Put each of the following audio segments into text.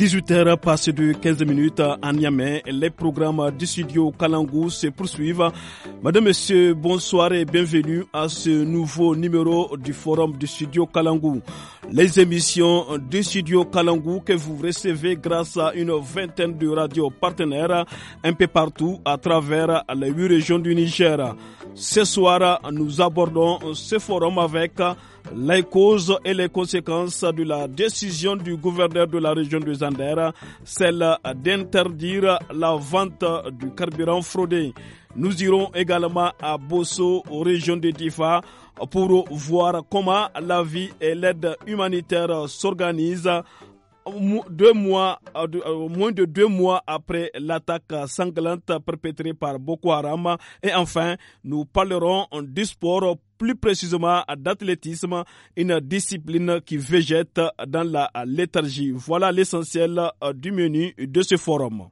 18h passé de 15 minutes à Niamey, les programmes du studio Kalangou se poursuivent. Madame, Monsieur, bonsoir et bienvenue à ce nouveau numéro du forum du studio Kalangou. Les émissions du studio Kalangou que vous recevez grâce à une vingtaine de radios partenaires un peu partout à travers les huit régions du Niger. Ce soir, nous abordons ce forum avec les causes et les conséquences de la décision du gouverneur de la région de Zander, celle d'interdire la vente du carburant fraudé. Nous irons également à Bosso, aux régions de Tifa, pour voir comment la vie et l'aide humanitaire s'organisent deux mois, euh, euh, moins de deux mois après l'attaque sanglante perpétrée par Boko Haram. Et enfin, nous parlerons du sport plus précisément d'athlétisme, une discipline qui végète dans la léthargie. Voilà l'essentiel euh, du menu de ce forum.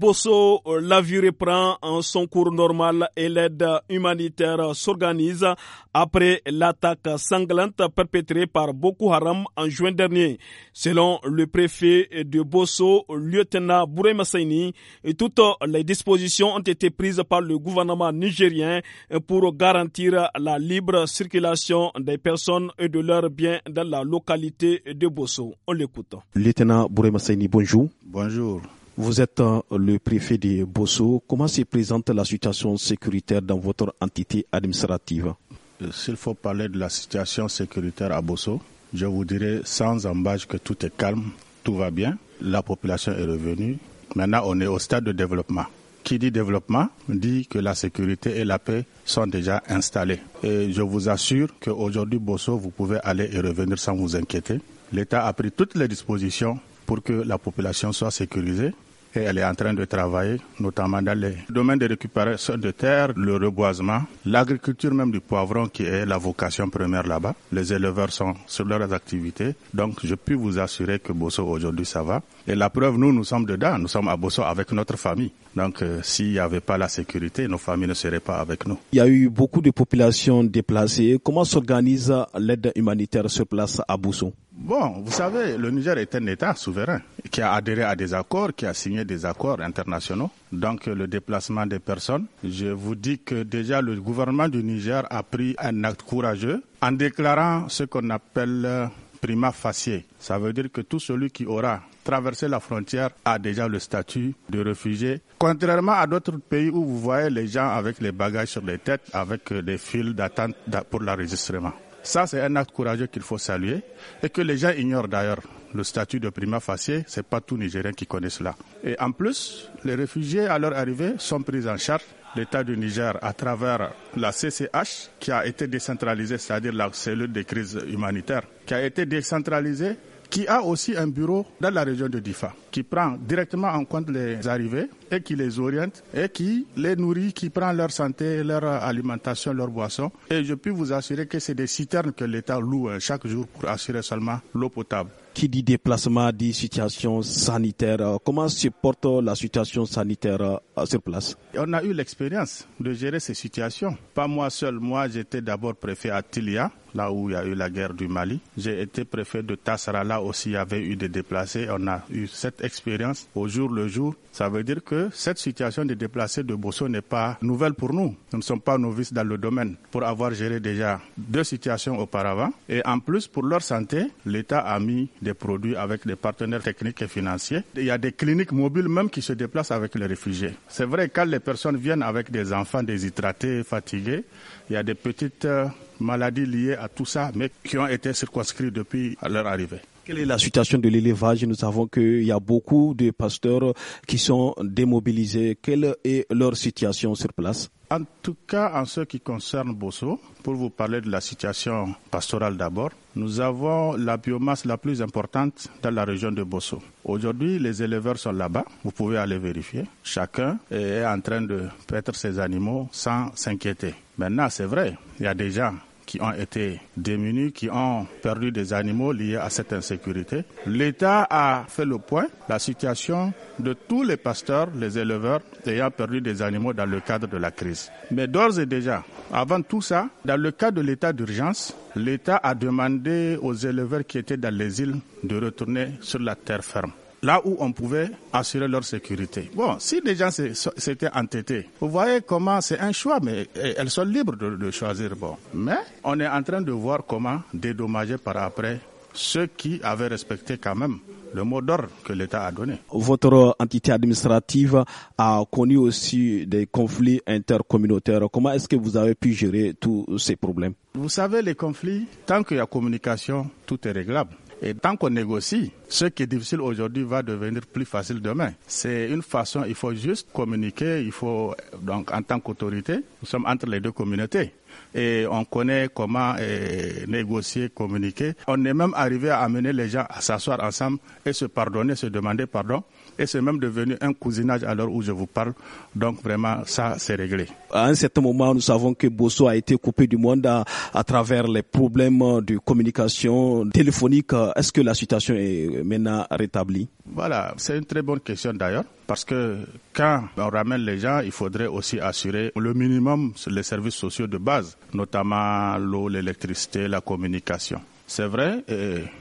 Bosso, euh, la vie reprend en son cours normal et l'aide humanitaire s'organise après l'attaque sanglante perpétrée par Boko Haram en juin dernier. Selon le préfet de Bosso, lieutenant Bouré Massaini, toutes les dispositions ont été prises par le gouvernement nigérien pour garantir la libre circulation des personnes et de leurs biens dans la localité de Bosso. On l'écoute. Lieutenant Bouré bonjour. Bonjour. Vous êtes euh, le préfet de Bosso. Comment se présente la situation sécuritaire dans votre entité administrative euh, S'il faut parler de la situation sécuritaire à Bosso, je vous dirais sans embâche que tout est calme, tout va bien, la population est revenue. Maintenant, on est au stade de développement. Qui dit développement dit que la sécurité et la paix sont déjà installées. Et je vous assure qu'aujourd'hui, Bosso, vous pouvez aller et revenir sans vous inquiéter. L'État a pris toutes les dispositions pour que la population soit sécurisée et elle est en train de travailler, notamment dans les domaines de récupération de terre, le reboisement, l'agriculture même du poivron qui est la vocation première là-bas. Les éleveurs sont sur leurs activités. Donc, je puis vous assurer que Bosso aujourd'hui ça va. Et la preuve, nous, nous sommes dedans. Nous sommes à Bosso avec notre famille. Donc, euh, s'il n'y avait pas la sécurité, nos familles ne seraient pas avec nous. Il y a eu beaucoup de populations déplacées. Comment s'organise l'aide humanitaire sur place à Bosso? Bon, vous savez, le Niger est un État souverain qui a adhéré à des accords, qui a signé des accords internationaux. Donc le déplacement des personnes, je vous dis que déjà le gouvernement du Niger a pris un acte courageux en déclarant ce qu'on appelle euh, prima facie. Ça veut dire que tout celui qui aura traversé la frontière a déjà le statut de réfugié. Contrairement à d'autres pays où vous voyez les gens avec les bagages sur les têtes, avec euh, des files d'attente pour l'enregistrement. Ça, c'est un acte courageux qu'il faut saluer et que les gens ignorent d'ailleurs. Le statut de prima facie, c'est pas tout Nigérien qui connaît cela. Et en plus, les réfugiés à leur arrivée sont pris en charge. L'État du Niger, à travers la CCH, qui a été décentralisée, c'est-à-dire la cellule des crises humanitaires, qui a été décentralisée qui a aussi un bureau dans la région de Difa, qui prend directement en compte les arrivées et qui les oriente et qui les nourrit, qui prend leur santé, leur alimentation, leur boisson. Et je puis vous assurer que c'est des citernes que l'État loue euh, chaque jour pour assurer seulement l'eau potable. Qui dit déplacement dit situation sanitaire. Euh, comment se porte euh, la situation sanitaire sur place On a eu l'expérience de gérer ces situations. Pas moi seul, moi j'étais d'abord préfet à Tilia là où il y a eu la guerre du Mali. J'ai été préfet de Tassara, là aussi il y avait eu des déplacés. On a eu cette expérience au jour le jour. Ça veut dire que cette situation des déplacés de Bosso n'est pas nouvelle pour nous. Nous ne sommes pas novices dans le domaine pour avoir géré déjà deux situations auparavant. Et en plus, pour leur santé, l'État a mis des produits avec des partenaires techniques et financiers. Il y a des cliniques mobiles même qui se déplacent avec les réfugiés. C'est vrai, quand les personnes viennent avec des enfants déshydratés, fatigués, il y a des petites euh, maladies liées à tout ça, mais qui ont été circonscrits depuis leur arrivée. Quelle est la situation de l'élevage Nous savons qu'il y a beaucoup de pasteurs qui sont démobilisés. Quelle est leur situation sur place En tout cas, en ce qui concerne Bosso, pour vous parler de la situation pastorale d'abord, nous avons la biomasse la plus importante dans la région de Bosso. Aujourd'hui, les éleveurs sont là-bas, vous pouvez aller vérifier. Chacun est en train de paître ses animaux sans s'inquiéter. Maintenant, c'est vrai, il y a des gens qui ont été démunis, qui ont perdu des animaux liés à cette insécurité. L'État a fait le point, la situation de tous les pasteurs, les éleveurs ayant perdu des animaux dans le cadre de la crise. Mais d'ores et déjà, avant tout ça, dans le cadre de l'état d'urgence, l'État a demandé aux éleveurs qui étaient dans les îles de retourner sur la terre ferme là où on pouvait assurer leur sécurité. Bon, si des gens s'étaient entêtés, vous voyez comment c'est un choix, mais elles sont libres de, de, choisir. Bon, mais on est en train de voir comment dédommager par après ceux qui avaient respecté quand même le mot d'ordre que l'État a donné. Votre entité administrative a connu aussi des conflits intercommunautaires. Comment est-ce que vous avez pu gérer tous ces problèmes Vous savez, les conflits, tant qu'il y a communication, tout est réglable. Et tant qu'on négocie, ce qui est difficile aujourd'hui va devenir plus facile demain. C'est une façon, il faut juste communiquer, il faut, donc en tant qu'autorité, nous sommes entre les deux communautés et on connaît comment eh, négocier, communiquer. On est même arrivé à amener les gens à s'asseoir ensemble et se pardonner, se demander pardon et c'est même devenu un cousinage à l'heure où je vous parle. Donc vraiment, ça, c'est réglé. À un certain moment, nous savons que Bosso a été coupé du monde à, à travers les problèmes de communication téléphonique. Est-ce que la situation est maintenant rétablie Voilà, c'est une très bonne question d'ailleurs, parce que quand on ramène les gens, il faudrait aussi assurer le minimum les services sociaux de base, notamment l'eau, l'électricité, la communication. C'est vrai,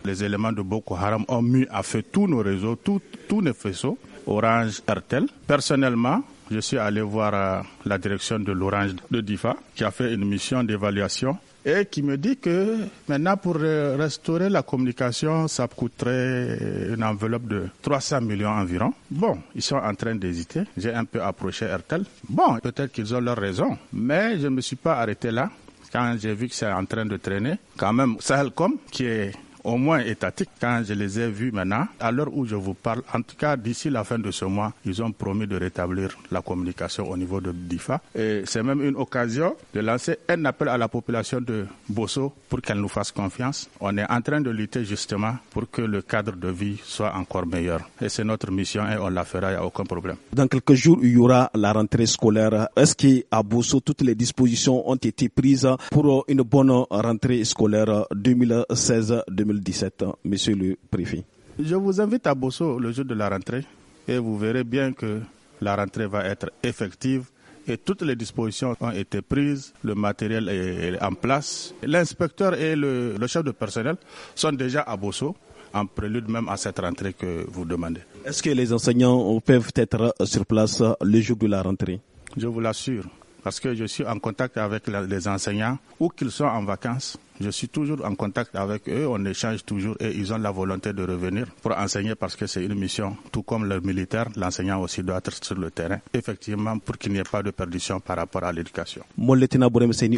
les éléments de Boko Haram ont mis à fait tous nos réseaux, tous nos faisceaux, Orange, hertel Personnellement, je suis allé voir euh, la direction de l'Orange de DIFA, qui a fait une mission d'évaluation et qui me dit que maintenant pour restaurer la communication, ça coûterait une enveloppe de 300 millions environ. Bon, ils sont en train d'hésiter. J'ai un peu approché RTL. Bon, peut-être qu'ils ont leur raison, mais je ne me suis pas arrêté là quand j'ai vu que c'est en train de traîner. Quand même, Sahelcom, qui est au moins étatique Quand je les ai vus maintenant, à l'heure où je vous parle, en tout cas d'ici la fin de ce mois, ils ont promis de rétablir la communication au niveau de DIFA. Et c'est même une occasion de lancer un appel à la population de Bosso pour qu'elle nous fasse confiance. On est en train de lutter justement pour que le cadre de vie soit encore meilleur. Et c'est notre mission et on la fera, il n'y a aucun problème. Dans quelques jours, il y aura la rentrée scolaire. Est-ce qu'à Bosso, toutes les dispositions ont été prises pour une bonne rentrée scolaire 2016-2017 ans hein, monsieur le préfet. Je vous invite à Bosso le jour de la rentrée et vous verrez bien que la rentrée va être effective et toutes les dispositions ont été prises, le matériel est en place. L'inspecteur et le, le, chef de personnel sont déjà à Bosso en prélude même à cette rentrée que vous demandez. Est-ce que les enseignants peuvent être sur place le jour de la rentrée Je vous l'assure parce que je suis en contact avec les enseignants, où qu'ils soient en vacances. Je suis toujours en contact avec eux, on échange toujours et ils ont la volonté de revenir pour enseigner parce que c'est une mission. Tout comme le militaire, l'enseignant aussi doit être sur le terrain, effectivement, pour qu'il n'y ait pas de perdition par rapport à l'éducation. Mon lieutenant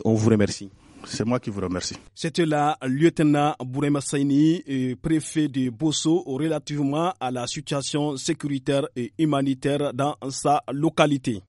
on vous remercie. C'est moi qui vous remercie. C'était là lieutenant Bourema Saini, euh, préfet de Bosso, relativement à la situation sécuritaire et humanitaire dans sa localité.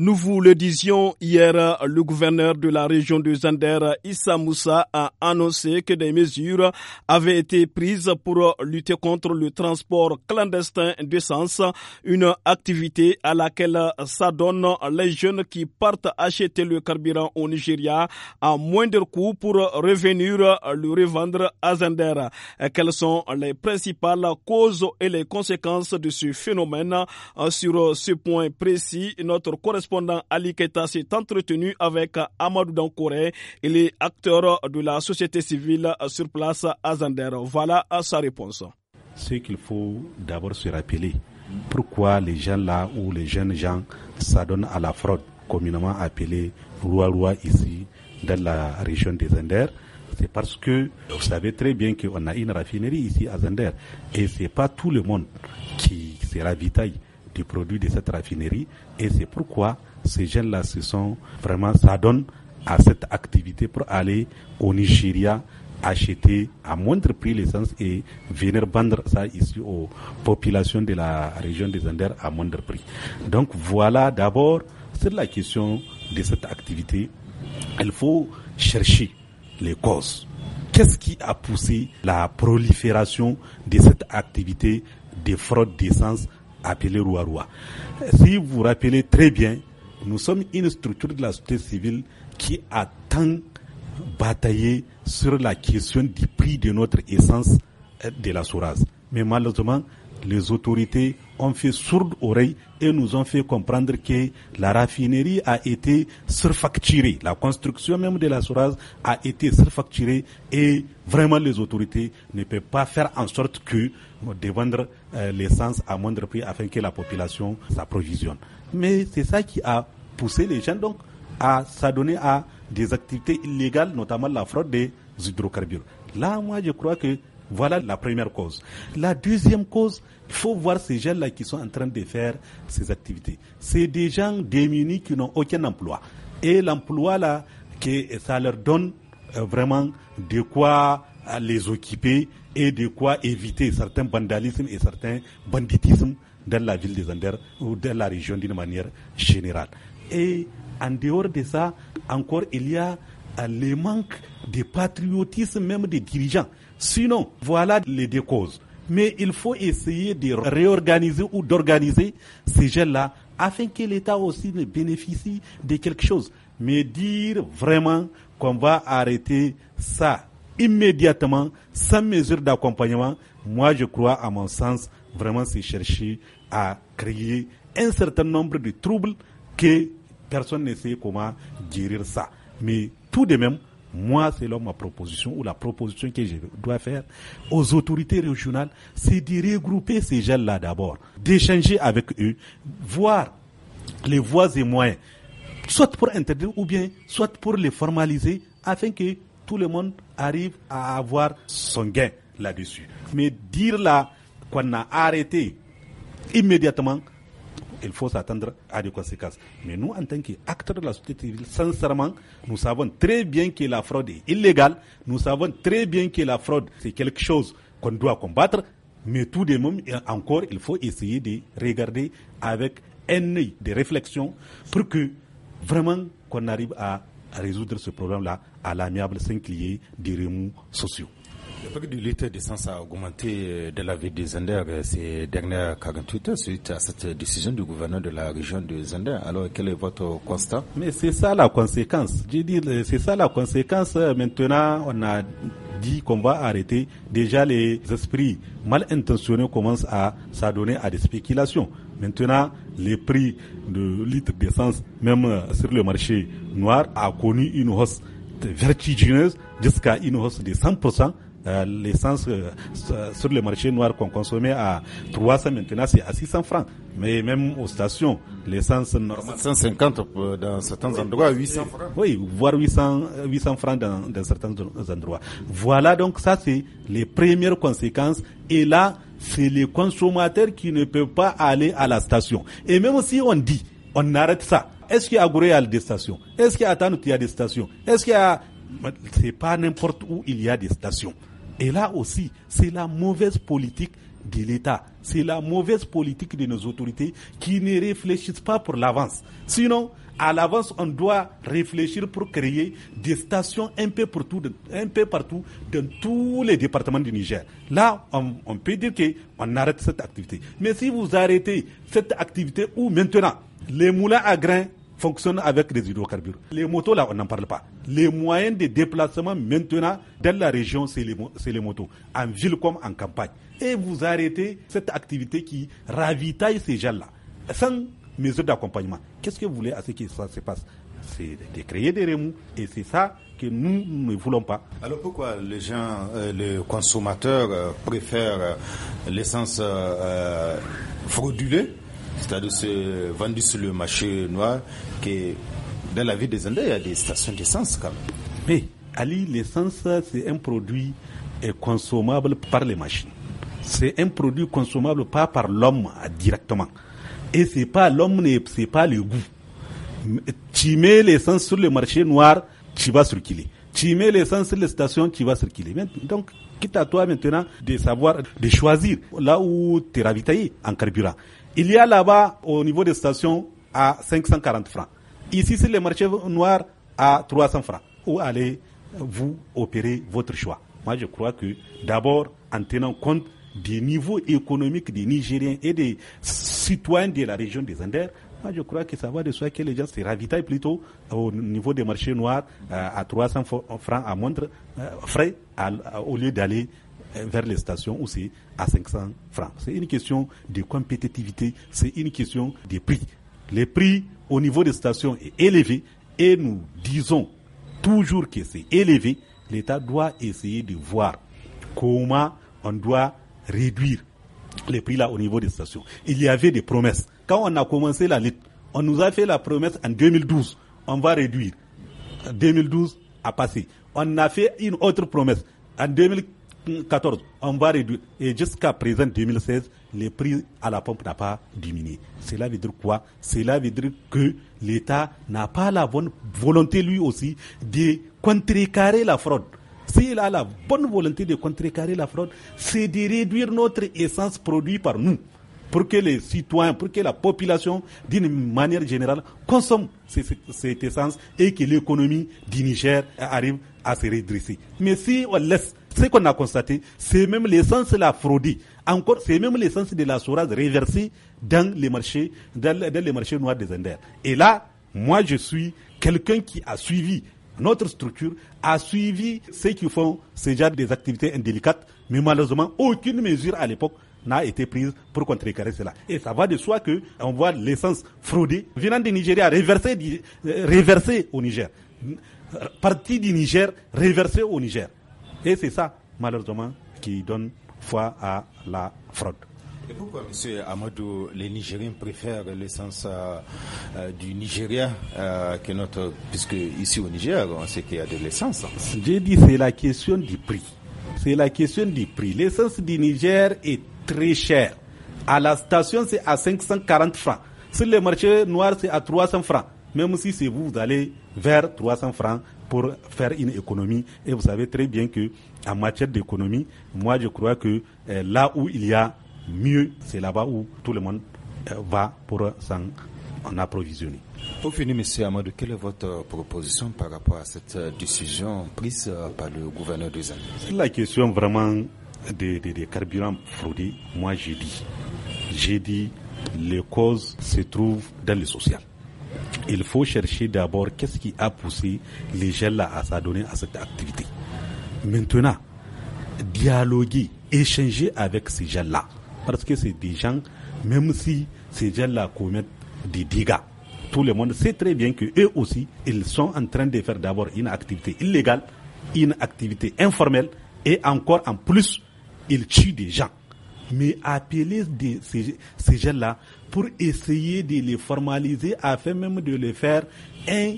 Nous vous le disions hier, le gouverneur de la région de Zender, Issa Moussa, a annoncé que des mesures avaient été prises pour lutter contre le transport clandestin d'essence, une activité à laquelle s'adonnent les jeunes qui partent acheter le carburant au Nigeria à moindre coût pour revenir le revendre à Zender. Quelles sont les principales causes et les conséquences de ce phénomène? Sur ce point précis, notre correspondant correspondant Ali Keta s'est entretenu avec Amadou Dankore et les acteurs de la société civile sur place à Zander. Voilà sa réponse. Ce qu'il faut d'abord se rappeler, pourquoi les gens là ou les jeunes gens s'adonnent à la fraude, communément appelée loi-loi ici dans la région des Zander, c'est parce que vous savez très bien qu'on a une raffinerie ici à Zander et c'est pas tout le monde qui se ravitaille des produits de cette raffinerie. Et c'est pourquoi ces jeunes-là se sont vraiment, s'adonnent à cette activité pour aller au Nigeria acheter à moindre prix l'essence et venir vendre ça ici aux populations de la région des Anders à moindre prix. Donc voilà d'abord c'est la question de cette activité, il faut chercher les causes. Qu'est-ce qui a poussé la prolifération de cette activité des fraudes d'essence appelé Rouaroua. Si vous vous rappelez très bien, nous sommes une structure de la société civile qui a tant bataillé sur la question du prix de notre essence euh, de la Souraz. Mais malheureusement, les autorités ont fait sourde oreille et nous ont fait comprendre que la raffinerie a été surfacturée. La construction même de la Souraz a été surfacturée et vraiment les autorités ne peuvent pas faire en sorte que euh, de vendre euh, l'essence à moindre prix afin que la population s'approvisionne. Mais c'est ça qui a poussé les gens donc à s'adonner à des activités illégales, notamment la fraude des hydrocarbures. Là, moi, je crois que voilà la première cause. La deuxième cause, il faut voir ces gens-là qui sont en train de faire ces activités. C'est des gens démunis qui n'ont aucun emploi. Et l'emploi, là, que ça leur donne euh, vraiment de quoi les occuper et de quoi éviter certains vandalismes et certains banditismes dans la ville des Anders ou dans la région d'une manière générale. Et en dehors de ça, encore, il y a euh, le manque de patriotisme même des dirigeants. Sinon, voilà les deux causes. Mais il faut essayer de réorganiser ou d'organiser ces gens-là afin que l'État aussi ne bénéficie de quelque chose. Mais dire vraiment qu'on va arrêter ça immédiatement, sans mesure d'accompagnement, moi je crois, à mon sens, vraiment c'est chercher à créer un certain nombre de troubles que personne ne sait comment guérir ça. Mais tout de même, moi, selon ma proposition ou la proposition que je dois faire aux autorités régionales, c'est de regrouper ces gens-là d'abord, d'échanger avec eux, voir les voies et moyens, soit pour interdire ou bien soit pour les formaliser afin que tout le monde arrive à avoir son gain là-dessus. Mais dire là qu'on a arrêté immédiatement, il faut s'attendre à des conséquences. Mais nous, en tant qu'acteurs de la société civile, sincèrement, nous savons très bien que la fraude est illégale, nous savons très bien que la fraude, c'est quelque chose qu'on doit combattre, mais tout de même, encore, il faut essayer de regarder avec un œil de réflexion pour que vraiment qu'on arrive à à résoudre ce problème-là à l'amiable sans qu'il des remous sociaux. Le prix du litre d'essence a augmenté euh, de la ville de Zender euh, ces dernières 48 heures suite à cette décision du gouverneur de la région de Zender. Alors, quel est votre constat Mais c'est ça la conséquence. Je dit euh, c'est ça la conséquence. Maintenant, on a dit qu'on va arrêter. Déjà, les esprits mal intentionnés commencent à s'adonner à des spéculations. Maintenant, les prix de litre d'essence, même sur le marché noir, a connu une hausse vertigineuse jusqu'à une hausse de 100%. Euh, l'essence euh, sur le marché noir qu'on consommait à 300, maintenant c'est à 600 francs. Mais même aux stations, l'essence normale. 150 euh, dans certains endroits, 800 francs. Oui, voire 800, 800 francs dans, certains endroits. Voilà donc ça, c'est les premières conséquences. Et là, c'est les consommateurs qui ne peuvent pas aller à la station. Et même si on dit, on arrête ça. Est-ce qu'il y a y a des stations Est-ce qu'il il y a des stations Est-ce qu'il y a... C'est pas n'importe où il y a des stations. Et là aussi, c'est la mauvaise politique de l'État. C'est la mauvaise politique de nos autorités qui ne réfléchissent pas pour l'avance. Sinon, à l'avance, on doit réfléchir pour créer des stations un peu, partout dans tous les départements du Niger. Là, on, peut dire qu'on arrête cette activité. Mais si vous arrêtez cette activité ou maintenant, les moulins à grains fonctionne avec des hydrocarbures. Les motos, là, on n'en parle pas. Les moyens de déplacement maintenant dans la région, c'est les, les, motos, en ville comme en campagne. Et vous arrêtez cette activité qui ravitaille ces gens-là, sans mesure d'accompagnement. Qu'est-ce que vous voulez à ce que ça se passe C'est de créer des remous, et c'est ça que nous ne voulons pas. Alors pourquoi les gens, euh, les consommateurs euh, préfèrent euh, l'essence frauduleuse c'est-à-dire c'est sur le marché noir, que dans la vie des Indiens, il y a des stations d'essence quand même. Mais Ali, l'essence, c'est un produit euh, consommable par les machines. C'est un produit consommable pas par l'homme euh, directement. Et c'est pas l'homme, c'est pas le goût. Tu mets l'essence sur le marché noir, tu vas circuler. Tu mets l'essence sur les stations, tu vas circuler. Donc, quitte à toi maintenant de savoir, de choisir là où tu es ravitaillé en carburant. Il y a là-bas, au niveau des stations, à 540 francs. Ici, c'est le marché noir à 300 francs. Où allez-vous opérer votre choix Moi, je crois que d'abord, en tenant compte des niveaux économiques des Nigériens et des citoyens de la région des Anders, moi, je crois que ça va de soi que les gens se ravitaillent plutôt au niveau des marchés noirs euh, à 300 francs à moindre euh, frais au lieu d'aller euh, vers les stations aussi à 500 francs. C'est une question de compétitivité, c'est une question des prix. Les prix au niveau des stations est élevé et nous disons toujours que c'est élevé. L'État doit essayer de voir comment on doit réduire les prix là au niveau des stations. Il y avait des promesses. Quand on a commencé la lutte, on nous a fait la promesse en 2012, on va réduire. 2012 a passé. On a fait une autre promesse en 2014, on va réduire. Et jusqu'à présent, 2016, les prix à la pompe n'ont pas diminué. Cela veut dire quoi Cela veut dire que l'État n'a pas la bonne volonté, lui aussi, de contrecarrer la fraude. S'il a la bonne volonté de contrecarrer la fraude, c'est de réduire notre essence produite par nous pour que les citoyens, pour que la population, d'une manière générale, consomme cette essence et que l'économie du Niger arrive à se redresser. Mais si on laisse ce qu'on a constaté, c'est même l'essence de la fraudée. Encore, c'est même l'essence de la sourate réversée dans les marchés, les marchés noirs des Indes. Et là, moi, je suis quelqu'un qui a suivi notre structure a suivi ceux qui font ces déjà des activités indélicates, mais malheureusement, aucune mesure à l'époque n'a été prise pour contrecarrer cela. Et ça va de soi que on voit l'essence fraudée venant du Nigeria, réversée, euh, réversée au Niger, partie du Niger, réversée au Niger. Et c'est ça, malheureusement, qui donne foi à la fraude. Et pourquoi, M. Amadou, les Nigériens préfèrent l'essence euh, euh, du Nigeria euh, que notre. Puisque ici au Niger, on sait qu'il y a de l'essence. J'ai dit, c'est la question du prix. C'est la question du prix. L'essence du Niger est très chère. À la station, c'est à 540 francs. Sur le marché noir, c'est à 300 francs. Même si c'est vous, vous allez vers 300 francs pour faire une économie. Et vous savez très bien que en matière d'économie, moi je crois que euh, là où il y a mieux, c'est là-bas où tout le monde euh, va pour s'en approvisionner. Pour finir, Monsieur Amadou, quelle est votre euh, proposition par rapport à cette décision prise par le gouverneur des Indes la question vraiment des, des carburants fraudés, moi j'ai dit, j'ai dit, les causes se trouvent dans le social il faut chercher d'abord qu'est-ce qui a poussé les gens là à s'adonner à cette activité. Maintenant, dialoguer, échanger avec ces gens là. Parce que c'est des gens, même si ces gens là commettent des dégâts, tout le monde sait très bien que eux aussi, ils sont en train de faire d'abord une activité illégale, une activité informelle, et encore en plus, ils tuent des gens mais appeler ces, jeunes-là pour essayer de les formaliser afin même de les faire un,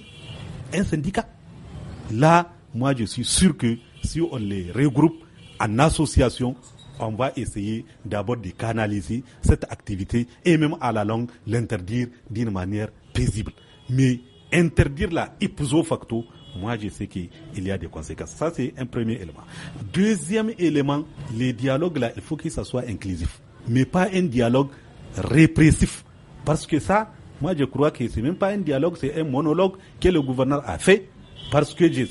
syndicat. Là, moi, je suis sûr que si on les regroupe en association, on va essayer d'abord de canaliser cette activité et même à la longue l'interdire d'une manière paisible. Mais interdire la ipso facto, moi je sais qu'il y a des conséquences. Ça, c'est un premier élément. Deuxième élément, les dialogues, là, il faut que ça soit inclusif, mais pas un dialogue répressif. Parce que ça, moi je crois que c'est même pas un dialogue, c'est un monologue que le gouverneur a fait, parce que je,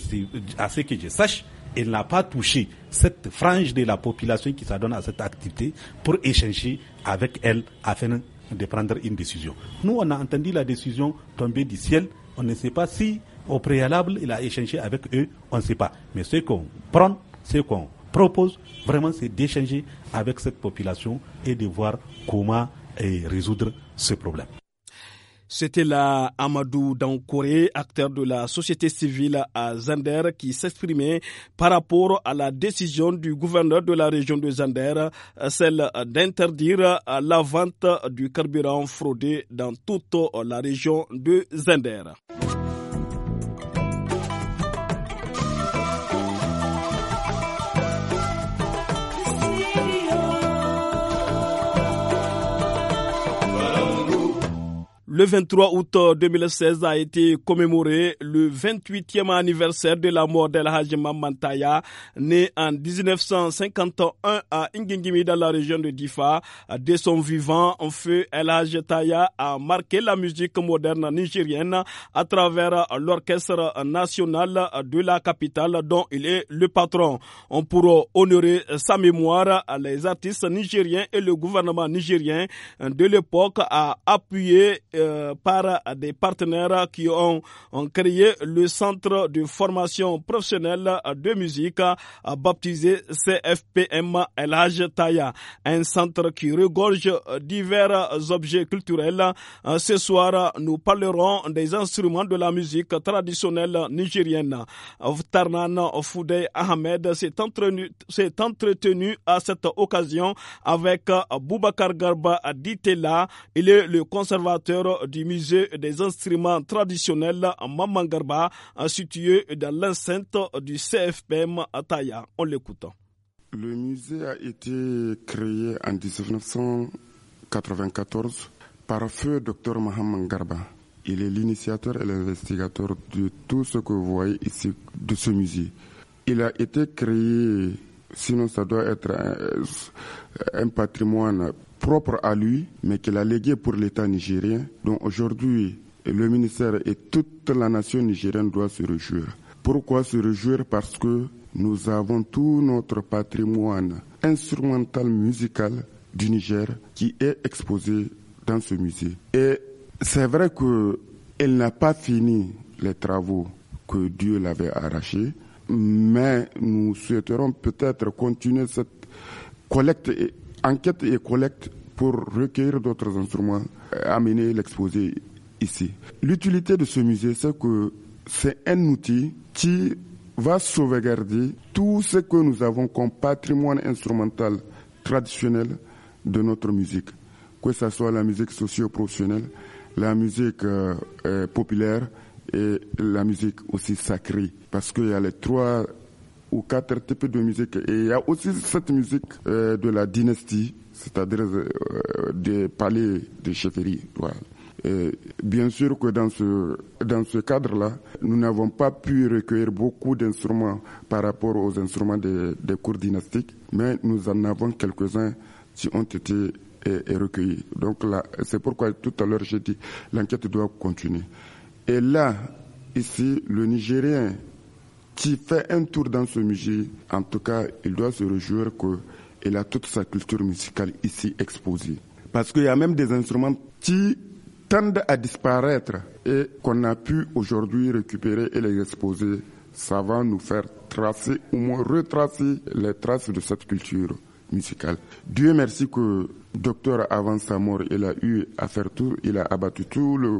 à ce que je sache, il n'a pas touché cette frange de la population qui s'adonne à cette activité pour échanger avec elle afin de prendre une décision. Nous, on a entendu la décision tomber du ciel. On ne sait pas si au préalable, il a échangé avec eux, on ne sait pas. Mais ce qu'on prend, ce qu'on propose, vraiment, c'est d'échanger avec cette population et de voir comment euh, résoudre ce problème. C'était là Amadou Dankoré, acteur de la société civile à Zander, qui s'exprimait par rapport à la décision du gouverneur de la région de Zander, celle d'interdire la vente du carburant fraudé dans toute la région de Zander. Le 23 août 2016 euh, a été commémoré le 28e anniversaire de la mort d'El Hajj Mamantaya, né en 1951 à Ngengimi, dans la région de Difa. De son vivant, en feu, El Taya a marqué la musique moderne nigérienne à travers l'orchestre national de la capitale dont il est le patron. On pourra honorer sa mémoire. à Les artistes nigériens et le gouvernement nigérien de l'époque a appuyé euh, euh, par des partenaires qui ont, créé le centre de formation professionnelle de musique euh, baptisé CFPM El Taya, un centre qui regorge divers objets culturels. Euh, ce soir, nous parlerons des instruments de la musique traditionnelle nigérienne. Tarnan Foudey Ahmed s'est entretenu, à cette occasion avec Boubacar Garba Ditela. Il est le conservateur du musée des instruments traditionnels Mamangarba, situé dans l'enceinte du CFPM à Taya. On l'écoute. Le musée a été créé en 1994 par feu Dr Mohamed Garba. Il est l'initiateur et l'investigateur de tout ce que vous voyez ici de ce musée. Il a été créé, sinon ça doit être un patrimoine propre à lui, mais qu'il a légué pour l'État nigérien, dont aujourd'hui le ministère et toute la nation nigérienne doit se réjouir. Pourquoi se réjouir Parce que nous avons tout notre patrimoine instrumental musical du Niger qui est exposé dans ce musée. Et c'est vrai qu'il n'a pas fini les travaux que Dieu l'avait arraché, mais nous souhaiterons peut-être continuer cette collecte enquête et collecte pour recueillir d'autres instruments, amener l'exposé ici. L'utilité de ce musée, c'est que c'est un outil qui va sauvegarder tout ce que nous avons comme patrimoine instrumental traditionnel de notre musique, que ce soit la musique socio-professionnelle, la musique euh, euh, populaire et la musique aussi sacrée, parce qu'il y a les trois ou quatre types de musique. Et il y a aussi cette musique euh, de la dynastie, c'est-à-dire euh, des palais de chefferie. Voilà. bien sûr que dans ce, dans ce cadre-là, nous n'avons pas pu recueillir beaucoup d'instruments par rapport aux instruments des, cours dynastiques, mais nous en avons quelques-uns qui ont été euh, recueillis. Donc là, c'est pourquoi tout à l'heure j'ai dit l'enquête doit continuer. Et là, ici, le Nigérien qui fait un tour dans ce musée, en tout cas, il doit se réjouir qu'il a toute sa culture musicale ici exposée. Parce qu'il y a même des instruments qui tendent à disparaître et qu'on a pu aujourd'hui récupérer et les exposer. Ça va nous faire tracer, au moins retracer les traces de cette culture musicale. Dieu merci que docteur avant sa mort, il a eu à faire tout, il a abattu tout le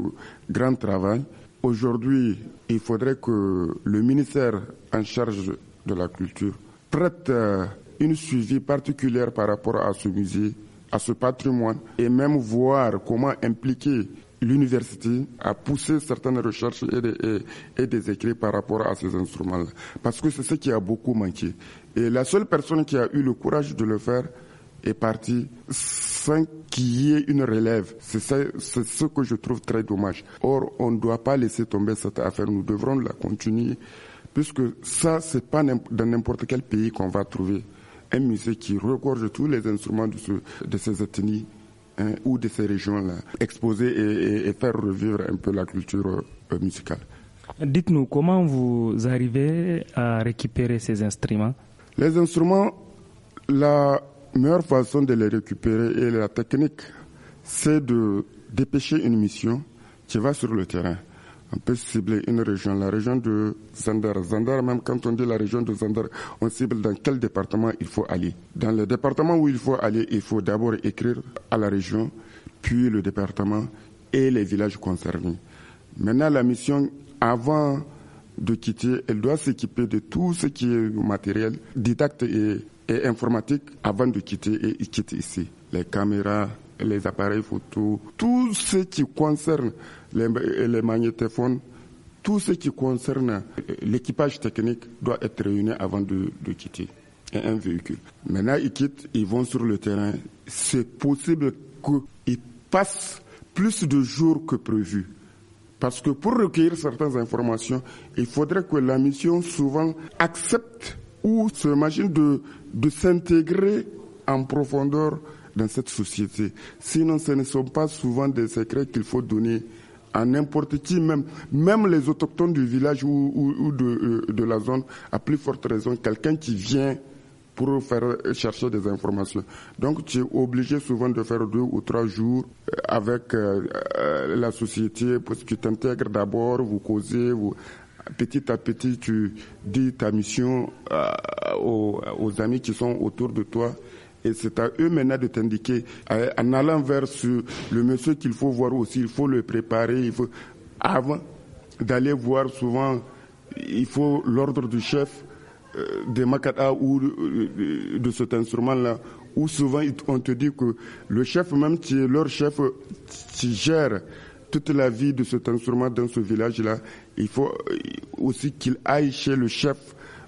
grand travail Aujourd'hui, il faudrait que le ministère en charge de la culture prête euh, une suivi particulière par rapport à ce musée, à ce patrimoine, et même voir comment impliquer l'université à pousser certaines recherches et des, et des écrits par rapport à ces instruments-là. Parce que c'est ce qui a beaucoup manqué. Et la seule personne qui a eu le courage de le faire, est parti sans qu'il y ait une relève. C'est ce que je trouve très dommage. Or, on ne doit pas laisser tomber cette affaire. Nous devrons la continuer puisque ça, c'est pas dans n'importe quel pays qu'on va trouver un musée qui regorge tous les instruments de, de ces ethnies hein, ou de ces régions-là, exposer et, faire revivre un peu la culture euh, musicale. Dites-nous, comment vous arrivez à récupérer ces instruments Les instruments, la meilleure façon de les récupérer et la technique, c'est de dépêcher une mission qui va sur le terrain. On peut cibler une région, la région de Zandar. Zander, même quand on dit la région de Zander, on cible dans quel département il faut aller. Dans le département où il faut aller, il faut d'abord écrire à la région, puis le département et les villages concernés. Maintenant, la mission, avant de quitter, elle doit s'équiper de tout ce qui est matériel, didacte et et informatique avant de quitter et ils quittent ici. Les caméras, les appareils photo, tout ce qui concerne les, les magnétophones, tout ce qui concerne l'équipage technique doit être réuni avant de, de quitter et un véhicule. Maintenant, ils quittent, ils vont sur le terrain. C'est possible qu'ils passent plus de jours que prévu. Parce que pour recueillir certaines informations, il faudrait que la mission souvent accepte ou se machine de, de s'intégrer en profondeur dans cette société. Sinon, ce ne sont pas souvent des secrets qu'il faut donner à n'importe qui, même, même les autochtones du village ou, de, euh, de, la zone, à plus forte raison, quelqu'un qui vient pour faire chercher des informations. Donc tu es obligé souvent de faire deux ou trois jours euh, avec euh, la société parce que tu t'intègres d'abord, vous causez, vous petit à petit, tu dis ta mission euh, aux, amis qui sont autour de toi. Et c'est à eux maintenant de t'indiquer, euh, en allant vers le monsieur qu'il faut voir aussi, il faut le préparer, avant d'aller voir souvent, il faut l'ordre du chef euh, des Makata ou de cet instrument-là, Ou souvent on te dit que le chef même, si leur chef, s'y gère, toute la vie de cet instrument dans ce village-là, il faut euh, aussi qu'il aille chez le chef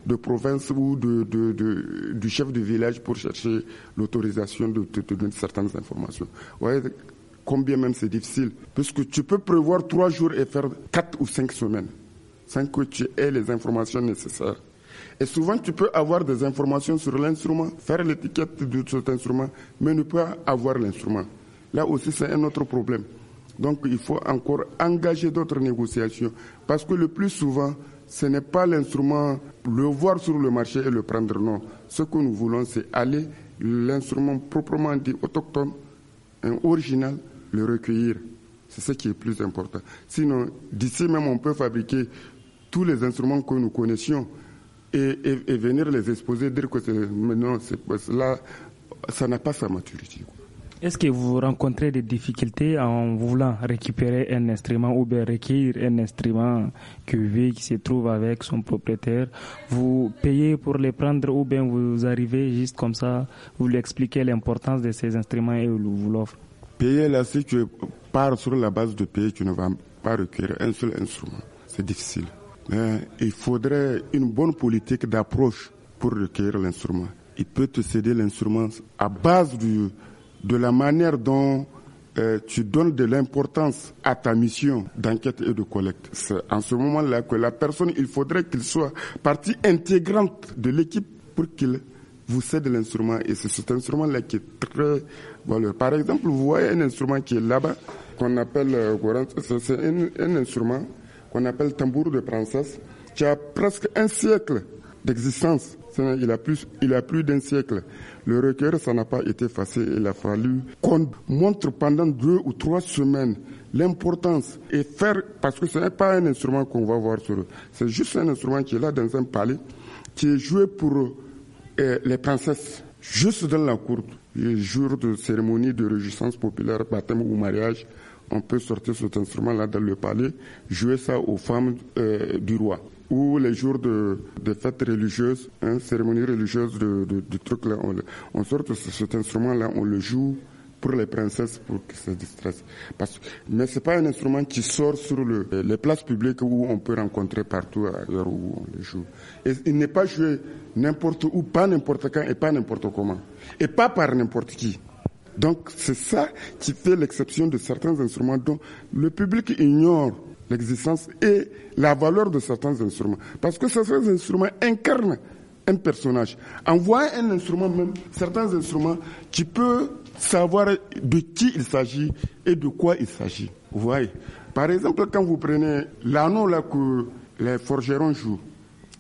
de province ou du chef de village pour chercher l'autorisation de donner certaines informations. voyez combien même c'est difficile, puisque tu peux prévoir trois jours et faire quatre ou cinq semaines sans que tu aies les informations nécessaires. Et souvent, tu peux avoir des informations sur l'instrument, faire l'étiquette de cet instrument, mais ne pas avoir l'instrument. Là aussi, c'est un autre problème. Donc il faut encore engager d'autres négociations parce que le plus souvent, ce n'est pas l'instrument, le voir sur le marché et le prendre, non. Ce que nous voulons, c'est aller l'instrument proprement dit autochtone, un original, le recueillir. C'est ce qui est plus important. Sinon, d'ici même, on peut fabriquer tous les instruments que nous connaissions et, venir les exposer, dire que maintenant, là, ça n'a pas sa maturité. Est-ce que vous rencontrez des difficultés en voulant récupérer un instrument ou bien requérir un instrument voyez qui se trouve avec son propriétaire Vous payez pour les prendre ou bien vous arrivez juste comme ça, vous lui expliquez l'importance de ces instruments et vous l'offrez Payer là, si tu pars sur la base de payer, tu ne vas pas requérir un seul instrument. C'est difficile. il faudrait une bonne politique d'approche pour requérir l'instrument. Il peut te céder l'instrument à base du de la manière dont euh, tu donnes de l'importance à ta mission d'enquête et de collecte. C'est en ce moment-là que la personne, il faudrait qu'il soit partie intégrante de l'équipe pour qu'il vous cède l'instrument. Et c'est cet instrument-là qui est très valeur. Par exemple, vous voyez un instrument qui est là-bas, qu'on appelle, euh, c'est un, un instrument qu'on appelle tambour de princesse, qui a presque un siècle d'existence il a plus, a plus d'un siècle. Le recueil, ça n'a pas été effacé. Il a fallu qu'on montre pendant deux ou trois semaines l'importance et faire, parce que ce n'est pas un instrument qu'on va voir sur eux. C'est juste un instrument qui est là dans un palais, qui est joué pour euh, les princesses, juste dans la cour. Les jours de cérémonie de réjouissance populaire, baptême ou mariage, on peut sortir cet instrument-là dans le palais, jouer ça aux femmes euh, du roi ou les jours de, de fêtes religieuses, hein, cérémonie religieuse de, de, du truc là, on, sort cet instrument là, on le joue pour les princesses pour qu'elles se distressent. Parce que, mais c'est pas un instrument qui sort sur le, les places publiques où on peut rencontrer partout ailleurs où on le joue. Et il n'est pas joué n'importe où, pas n'importe quand et pas n'importe comment. Et pas par n'importe qui. Donc c'est ça qui fait l'exception de certains instruments dont le public ignore l'existence et la valeur de certains instruments. Parce que certains instruments incarnent un personnage. En voyant un instrument même, certains instruments, tu peux savoir de qui il s'agit et de quoi il s'agit. Vous voyez Par exemple, quand vous prenez l'anneau là que les forgerons jouent,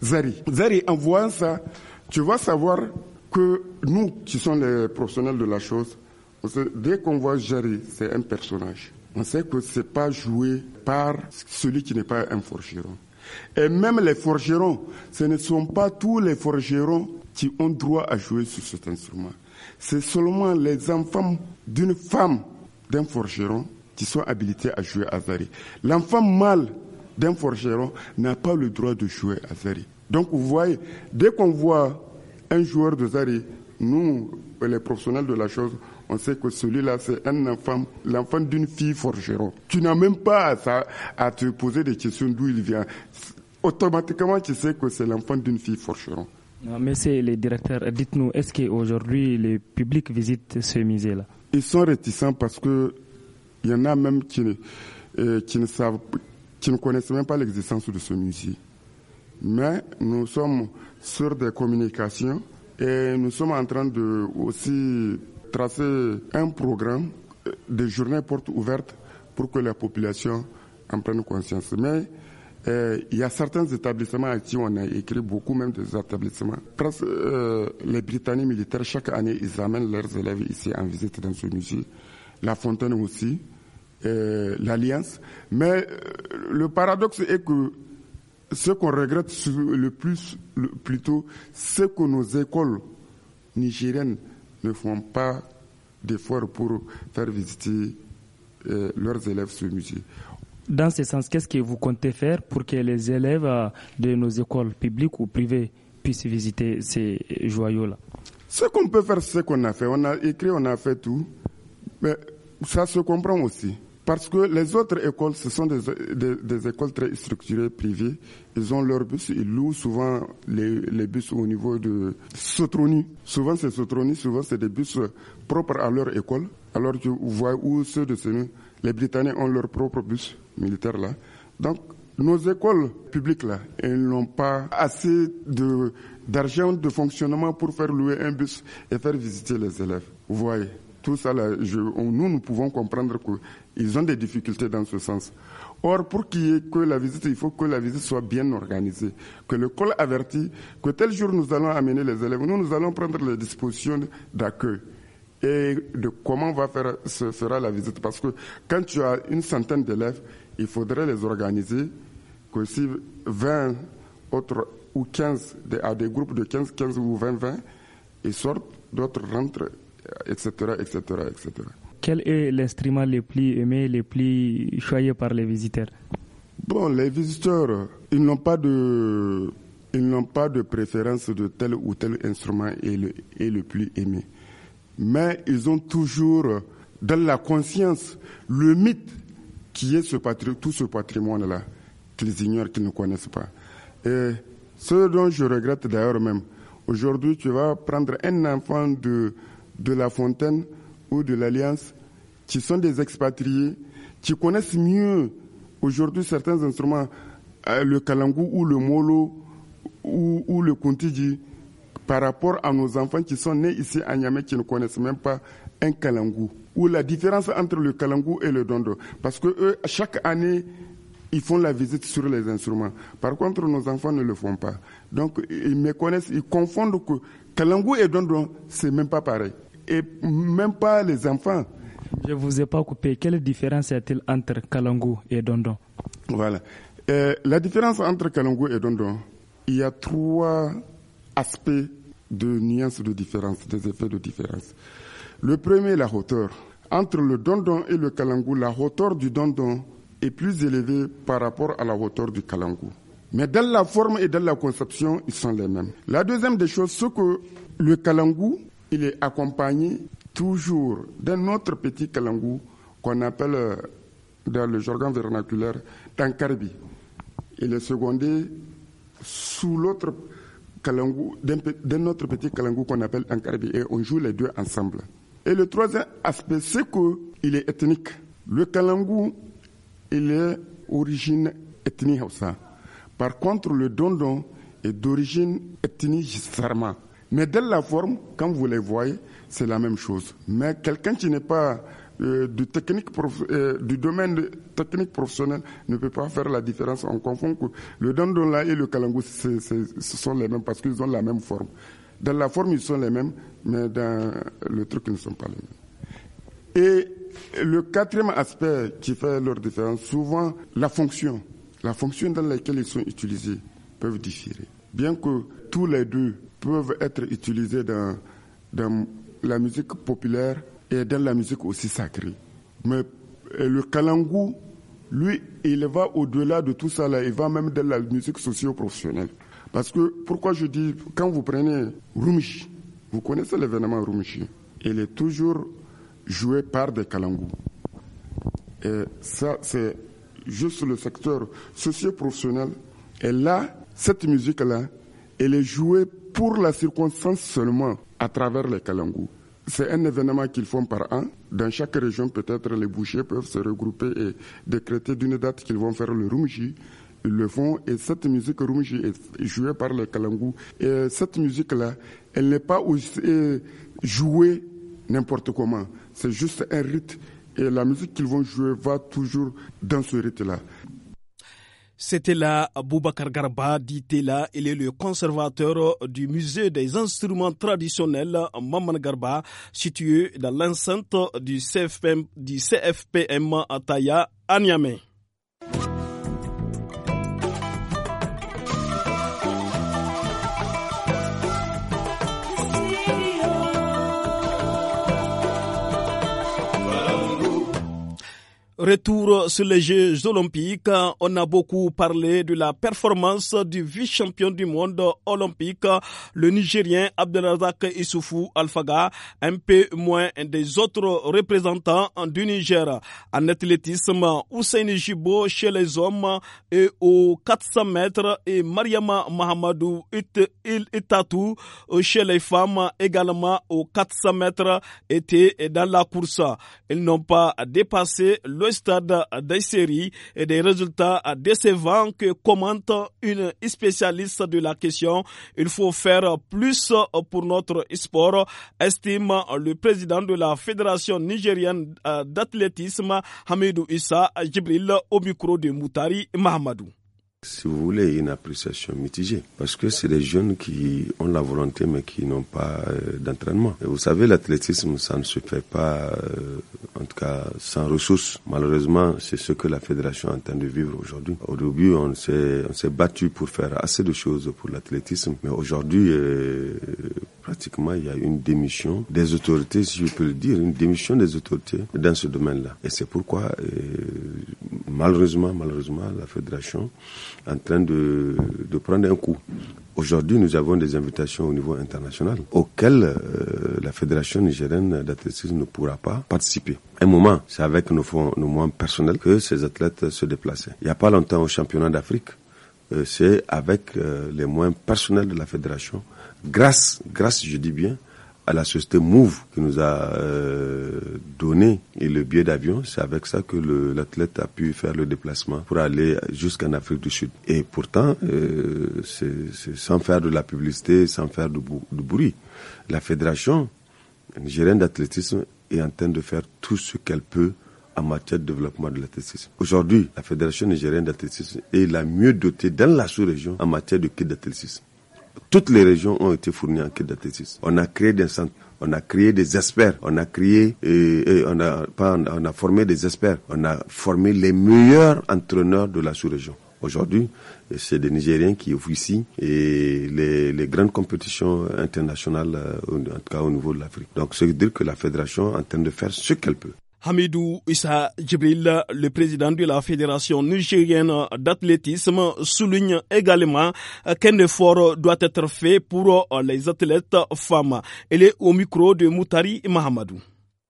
Zari. Zari, en voyant ça, tu vas savoir que nous, qui sommes les professionnels de la chose, dès qu'on voit Zari, c'est un personnage. On sait que ce n'est pas joué par celui qui n'est pas un forgeron. Et même les forgerons, ce ne sont pas tous les forgerons qui ont droit à jouer sur cet instrument. C'est seulement les enfants d'une femme, d'un forgeron, qui sont habilités à jouer à Zari. L'enfant mâle d'un forgeron n'a pas le droit de jouer à Zari. Donc vous voyez, dès qu'on voit un joueur de Zari, nous, les professionnels de la chose, on sait que celui-là, c'est un enfant, l'enfant d'une fille forgeron. Tu n'as même pas à, à te poser des questions d'où il vient. Automatiquement, tu sais que c'est l'enfant d'une fille forgeron. monsieur le directeur, dites-nous, est-ce qu'aujourd'hui le public visite ce musée-là Ils sont réticents parce que il y en a même qui, euh, qui, ne savent, qui ne connaissent même pas l'existence de ce musée. Mais nous sommes sur des communications et nous sommes en train de aussi tracer un programme euh, de journées porte ouvertes pour que la population en prenne conscience. Mais euh, il y a certains établissements à qui on a écrit beaucoup même des établissements. Euh, les Britanniques militaires, chaque année, ils amènent leurs élèves ici en visite dans ce musée. La Fontaine aussi, l'Alliance. Mais le paradoxe est que ce qu'on regrette le plus, le, plutôt, c'est que nos écoles nigériennes ne font pas d'efforts pour faire visiter euh, leurs élèves ce musée. Dans ce sens, qu'est-ce que vous comptez faire pour que les élèves euh, de nos écoles publiques ou privées puissent visiter ces joyaux-là Ce qu'on peut faire, c'est ce qu'on a fait. On a écrit, on a fait tout. Mais ça se comprend aussi. Parce que les autres écoles, ce sont des, des, des, écoles très structurées, privées. Ils ont leurs bus, ils louent souvent les, les bus au niveau de Sotroni. Souvent c'est Sotroni, souvent c'est des bus propres à leur école. Alors tu vois où ceux de ces les Britanniques ont leur propre bus militaire là. Donc nos écoles publiques là, elles n'ont pas assez de d'argent de fonctionnement pour faire louer un bus et faire visiter les élèves. Vous voyez, tout ça là, nous nous pouvons comprendre que ils ont des difficultés dans ce sens. Or, pour qu'il y ait que la visite, il faut que la visite soit bien organisée, que le l'école avertit que tel jour nous allons amener les élèves, nous, nous allons prendre les dispositions d'accueil et de comment va faire, se fera la visite. Parce que quand tu as une centaine d'élèves, il faudrait les organiser, que si 20 autres ou 15, à des groupes de 15, 15 ou 20, 20, ils sortent, d'autres rentrent, etc., etc., etc. Quel est l'instrument le plus aimé, le plus choyé par les visiteurs Bon, les visiteurs, ils n'ont pas de, ils n'ont pas de préférence de tel ou tel instrument et le, est le plus aimé. Mais ils ont toujours dans la conscience le mythe qui est ce tout ce patrimoine-là qu'ils ignorent, qu'ils ne connaissent pas. Et ce dont je regrette d'ailleurs même, aujourd'hui tu vas prendre un enfant de, de la fontaine, ou de l'Alliance qui sont des expatriés, qui connaissent mieux aujourd'hui certains instruments, euh, le kalangu ou le molo ou, le kuntiji, par rapport à nos enfants qui sont nés ici à Niamey, qui ne connaissent même pas un kalangu, ou la différence entre le kalangu et le dondo. Parce que chaque année, ils font la visite sur les instruments. Par contre, nos enfants ne le font pas. Donc, ils me connaissent, ils confondent que kalangu et dondo, c'est même pas pareil et même pas les enfants. Je ne vous ai pas coupé. Quelle différence y a-t-il entre Kalangu et Dondon Voilà. Euh, la différence entre Kalangu et Dondon, il y a trois aspects de nuances de différence, des effets de différence. Le premier, la hauteur. Entre le Dondon et le Kalangu, la hauteur du Dondon est plus élevée par rapport à la hauteur du Kalangu. Mais dans la forme et dans la conception, ils sont les mêmes. La deuxième des choses, c'est que le Kalangu il est accompagné toujours d'un autre petit kalangu qu'on appelle euh, dans le jargon vernaculaire tankarbi. Il est secondé sous l'autre kalangu, d'un autre petit kalangu qu'on appelle tankarbi. Et on joue les deux ensemble. Et le troisième aspect, c'est qu'il est ethnique. Le kalangu, il est origine ethnique. Par contre, le dondon est d'origine ethnique. sarma. Mais dans la forme, quand vous les voyez, c'est la même chose. Mais quelqu'un qui n'est pas euh, du, technique euh, du domaine technique professionnel ne peut pas faire la différence. On confond que le dandola et le kalangu, ce sont les mêmes parce qu'ils ont la même forme. Dans la forme, ils sont les mêmes, mais dans le truc, ils ne sont pas les mêmes. Et le quatrième aspect qui fait leur différence, souvent, la fonction. La fonction dans laquelle ils sont utilisés peuvent différer. Bien que tous les deux peuvent être utilisés dans, dans la musique populaire et dans la musique aussi sacrée. Mais euh, le kalangu, lui, il va au-delà de tout ça là, il va même dans la musique socio-professionnelle. Parce que, pourquoi je dis, quand vous prenez Rumichi, vous connaissez l'événement Rumichi, il est toujours joué par des kalangu. Et ça, c'est juste le secteur socio-professionnel. Et là, cette musique-là, elle est jouée pour la circonstance seulement à travers les Kalangou. C'est un événement qu'ils font par an. Dans chaque région, peut-être les bouchers peuvent se regrouper et décréter d'une date qu'ils vont faire le Rumji. Ils le font et cette musique Rumji est jouée par les Kalangou. Et cette musique-là, elle n'est pas euh, jouée n'importe comment. C'est juste un rite et la musique qu'ils vont jouer va toujours dans ce rite-là. C'était là Boubacar Garba, dit là, il est le conservateur du musée des instruments traditionnels Maman Garba, situé dans l'enceinte du, CFPM, du CFPM à à Niamey. Retour sur les Jeux olympiques, on a beaucoup parlé de la performance du vice-champion du monde olympique, le Nigérien Abdelazak Issoufou Alfaga, un peu moins des autres représentants du Niger. En athlétisme, Hussein Jibo chez les hommes et aux 400 mètres et Mariama Mahamadou Itatou chez les femmes également aux 400 mètres étaient dans la course. Ils n'ont pas dépassé le stade des séries et des résultats décevants que commente une spécialiste de la question. Il faut faire plus pour notre sport, estime le président de la Fédération nigérienne euh, d'athlétisme, Hamidou Issa Djibril, au micro de Moutari Mahamadou. Si vous voulez, une appréciation mitigée. Parce que c'est des jeunes qui ont la volonté mais qui n'ont pas euh, d'entraînement. Et vous savez, l'athlétisme, ça ne se fait pas, euh, en tout cas, sans ressources. Malheureusement, c'est ce que la fédération est en train de vivre aujourd'hui. Au début, on s'est, battu pour faire assez de choses pour l'athlétisme. Mais aujourd'hui, euh, pratiquement il y a une démission des autorités, si je peux le dire, une démission des autorités dans ce domaine-là. Et c'est pourquoi, euh, malheureusement, malheureusement, la fédération est en train de, de prendre un coup. Aujourd'hui, nous avons des invitations au niveau international auxquelles euh, la Fédération nigérienne d'athlétisme ne pourra pas participer. Un moment, c'est avec nos, fonds, nos moyens personnels que ces athlètes se déplacent. Il n'y a pas longtemps au championnat d'Afrique, euh, c'est avec les moyens personnels de la Fédération grâce, grâce, je dis bien, à la société Move qui nous a euh, donné et le billet d'avion. C'est avec ça que l'athlète a pu faire le déplacement pour aller jusqu'en Afrique du Sud. Et pourtant, euh, c'est sans faire de la publicité, sans faire de, de bruit. La fédération nigérienne d'athlétisme est en train de faire tout ce qu'elle peut en matière de développement de l'athlétisme. Aujourd'hui, la Fédération nigérienne d'athlétisme est la mieux dotée dans la sous-région en matière de kit d'athlétisme. Toutes les régions ont été fournies en quête d'athlétisme. On a créé des centres on a créé des experts, on a créé, euh, euh, on, a, formé des experts, on a formé les meilleurs entraîneurs de la sous-région. Aujourd'hui, c'est des Nigériens qui ici et les, les grandes compétitions internationales, euh, en tout cas au niveau de l'Afrique. Donc, c'est dire que la fédération est en train de faire ce qu'elle peut. Hamidou Issa Djibril, le président de la Fédération nigérienne d'athlétisme, souligne également euh, qu'un effort doit être fait pour euh, les athlètes femmes. Elle est au micro de Moutari Mahamadou.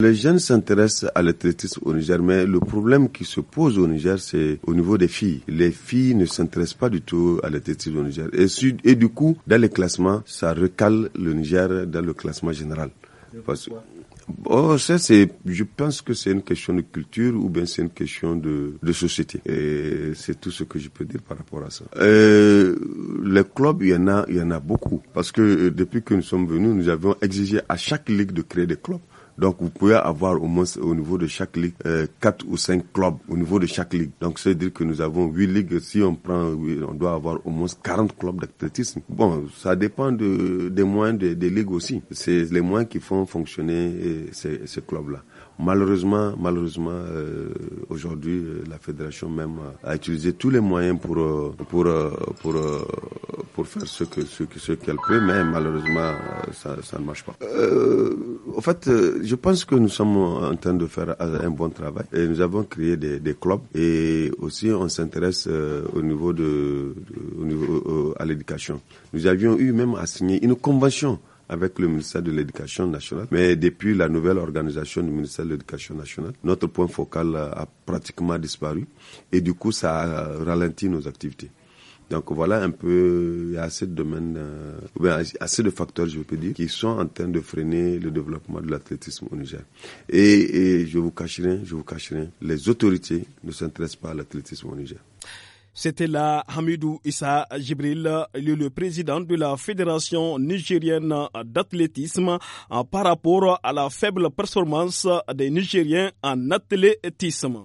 Les jeunes s'intéressent à l'athlétisme au Niger, mais le problème qui se pose au Niger, c'est au niveau des filles. Les filles ne s'intéressent pas du tout à l'athlétisme au Niger. Et, du coup, dans les classements, ça recale le Niger dans le classement général. Oh, ça, c'est, je pense que c'est une question de culture ou bien c'est une question de, de société. Et c'est tout ce que je peux dire par rapport à ça. Euh, les clubs, il y en a, il y en a beaucoup. Parce que euh, depuis que nous sommes venus, nous avons exigé à chaque ligue de créer des clubs. Donc vous pouvez avoir au moins au niveau de chaque ligue euh, 4 ou 5 clubs au niveau de chaque ligue. Donc c'est dire que nous avons 8 ligues. Si on prend, on doit avoir au moins 40 clubs d'athlétisme. Bon, ça dépend de, des moyens des, ligues aussi. C'est les moyens qui font fonctionner euh, ces, ces clubs-là. Malheureusement, malheureusement, euh, aujourd'hui, euh, la fédération même a, utilisé tous les moyens pour euh, pour pour pour faire ce que ce, ce qu'elle peut, mais malheureusement, ça, ça ne marche pas en fait, euh, je pense que nous sommes en train de faire euh, un bon travail. Et nous avons créé des, des clubs et aussi on s'intéresse euh, au niveau de, au niveau, à l'éducation. Nous avions eu même à signer une convention avec le ministère de l'Éducation nationale. Mais depuis la nouvelle organisation du ministère de l'Éducation nationale, notre point focal a pratiquement disparu et du coup ça ralenti nos activités. Donc voilà un peu, il y a assez de domaines, euh, assez de facteurs, je peux dire, qui sont en train de freiner le développement de l'athlétisme au Niger. Et, je vous cache je vous cache rien, les autorités ne s'intéressent pas à l'athlétisme au Niger. C'était là Hamidou Issa Jibril, le, président de la Fédération nigérienne d'athlétisme euh, par rapport à la faible performance des Nigériens en athlétisme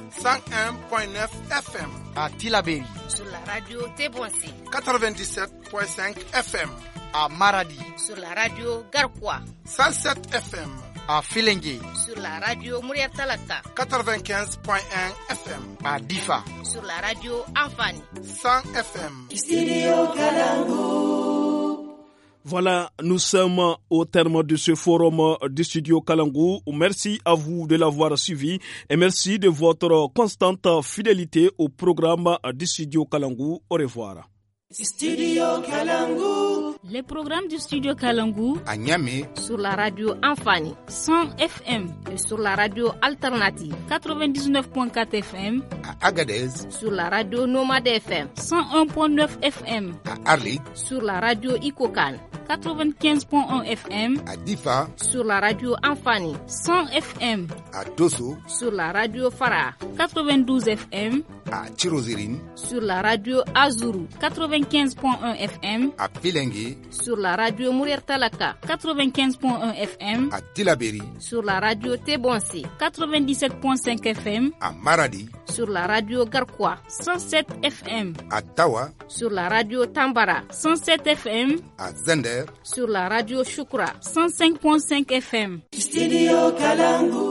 101.9 FM à Tilaberi. Sur la radio Tébouassi. 97.5 FM à Maradi. Sur la radio Garquois. 107 FM à Filengue. Sur la radio Mouriatalata. 95.1 FM à Difa. Sur la radio Anfani. 100 FM. Studio Kalangu. Voilà, nous sommes au terme de ce forum du studio Kalangou. Merci à vous de l'avoir suivi et merci de votre constante fidélité au programme du studio Kalangou. Au revoir. Studio Kalangu. Les programmes du studio Kalangu à sur la radio Amphani 100 FM et sur la radio alternative 99.4 FM à Agadez sur la radio Nomade FM 101.9 FM à sur la radio Ikokan 95.1 FM à Difa sur la radio Amphani 100 FM à Dosso sur la radio Farah 92 FM à Tirozirine sur la radio Azuru 95.1 FM à Pilingue sur la radio Mourir Talaka 95.1 FM à Tilaberi sur la radio Tebonsi 97.5 FM à Maradi sur la radio Garkwa 107 FM à Tawa sur la radio Tambara 107 FM à Zende sur la radio Shukra 105.5 FM. Studio Kalangu.